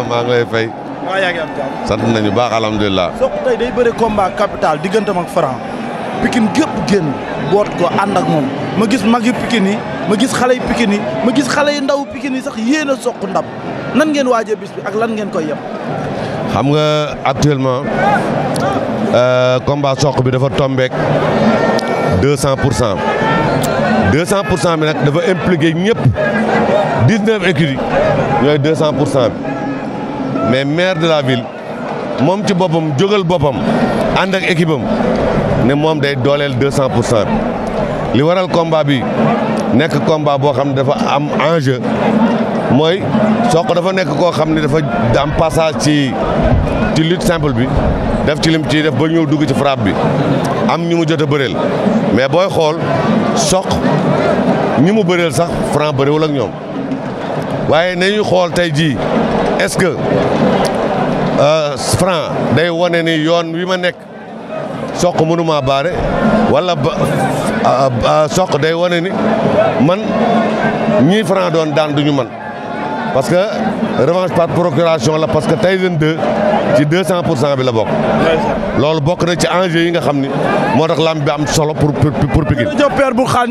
maa ngi lay fay. waaw sant nañu baax alhamdulilah. Sokh tey day bëre combat capital digganteem ak Franc. Pikine gépp génn boot ko ànd ak moom ma gis mag yu Pikine yi ma gis xale yu Pikine yi ma gis xale yu ndaw Pikine yi sax yéen a Sokh ndam nan ngeen waajee bis bi ak lan ngeen koy yem. xam nga actuellement euh, combat Sokh bi dafa tombeek deux cent pour cent cent pour cent bi nag dafa impliqué ñëpp dix neuf écuries ñooy deux cent pour cent bi. mais maire de la ville moom ci boppam jógal boppam ànd ak équipe ne moom day dooleel deux cent pour cent li waral combat bi nekk combat boo xam ne dafa am enjeu mooy Sokh dafa nekk koo xam ne dafa am passage ci ci lutte simple bi def ci lim ci def ba ñëw dugg ci frappe bi am ñu mu jot a bëreel mais booy xool soq ñi mu bëreel sax Franc bëriwul ak ñoom waaye nañuy xool tey jii est-ce que euh, Franc day wane ni yoon wii ma nekk soq mënuma baare wala ba euh, euh, soq day wane ni man ñii Franc doon daan duñu man parce que revanche par procuration la parce que Tyson 2 ci 200 pour cent bi la bokk. loolu bokk na ci enjeu yi nga xam ni moo tax lamb bi am solo pour pour pour